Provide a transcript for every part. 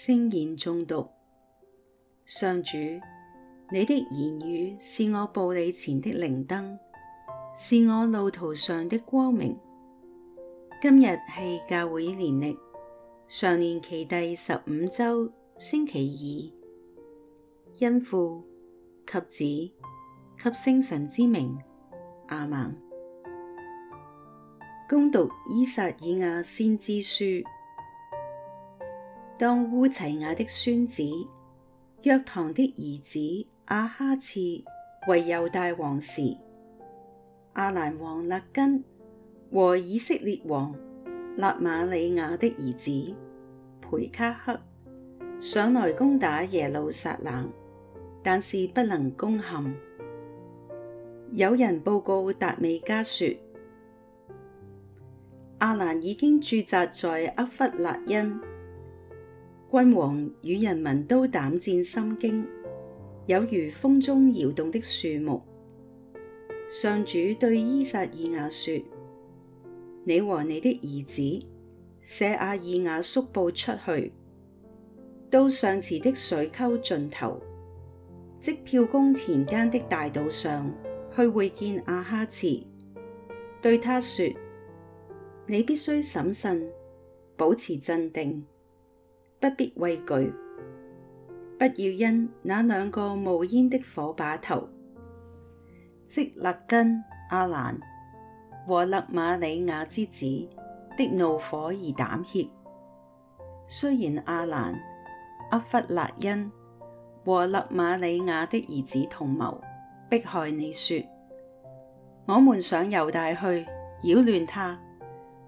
聖言誦讀。上主，你的言語是我步履前的靈燈，是我路途上的光明。今日係教會年曆常年期第十五周星期二，因父及子及聖神之名，阿門。恭讀《依撒意亞先知書》。當烏齊雅的孫子，約堂的兒子阿哈次為猶大王時，阿蘭王勒斤和以色列王勒瑪里雅的兒子培卡黑上來攻打耶路撒冷，但是不能攻陷。有人報告達味家說，阿蘭已經駐紮在厄弗辣因。君王與人民都膽戰心驚，有如風中搖動的樹木。上主對依撒意亞說：你和你的兒子舍阿爾雅叔布出去，到上池的水溝盡頭，即漂工田間的大道上去會見阿哈次，對他說：你必須審慎，保持鎮定。不必畏懼，不要因那兩個冒煙的火把頭，即勒斤、阿蘭和勒馬里亞之子的怒火而膽怯。雖然阿蘭、厄弗辣因和勒馬里亞的兒子同謀迫害你，說：我們上猶大去擾亂他，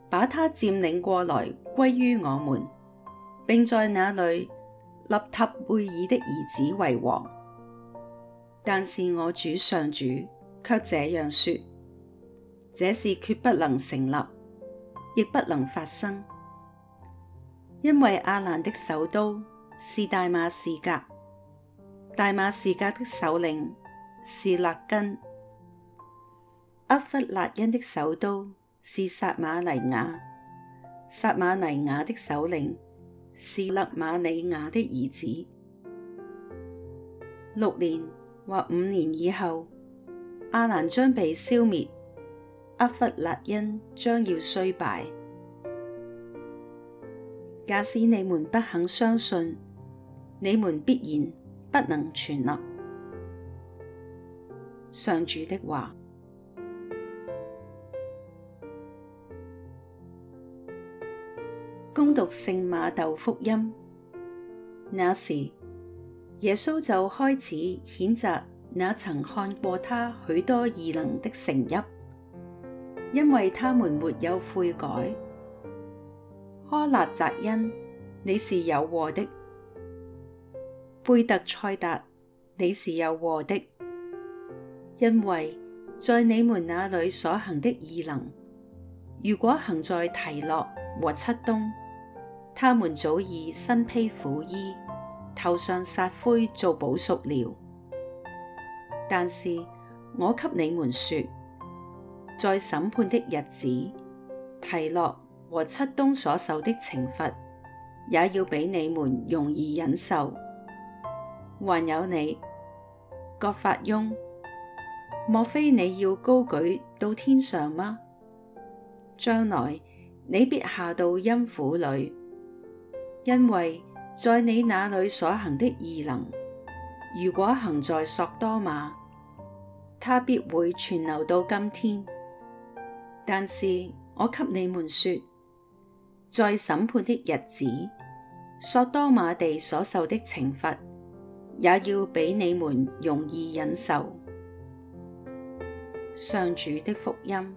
把他佔領過來歸於我們。並在那裡立塔貝耳的兒子為王，但是我主上主卻這樣說：這事決不能成立，亦不能發生，因為阿蘭的首都是大馬士革，大馬士革的首領是勒斤，厄弗辣因的首都是撒瑪黎雅，撒瑪黎雅的首領。是勒瑪里雅的兒子。六年或五年以後，阿蘭將被消滅，厄弗辣因將要衰敗。假使你們不肯相信，你們必然不能存立。上主的話。恭讀聖馬竇福音，那時耶穌就開始譴責那曾看過他許多異能的城邑，因為他們沒有悔改。苛辣匝因，你是有禍的；貝特賽達，你是有禍的，因為在你們那裏所行的異能，如果行在提洛和漆冬。他們早已身披苦衣，頭上撒灰做補贖了。但是我給你們說，在審判的日子，提洛和漆冬所受的懲罰，也要比你們容易忍受。還有你，葛法翁，莫非你要高舉到天上嗎？將來你必下到陰府裏。因為在你那裏所行的異能，如果行在索多瑪，它必會存留到今天。但是我給你們說，在審判的日子，索多瑪地所受的懲罰，也要比你們容易忍受。上主的福音。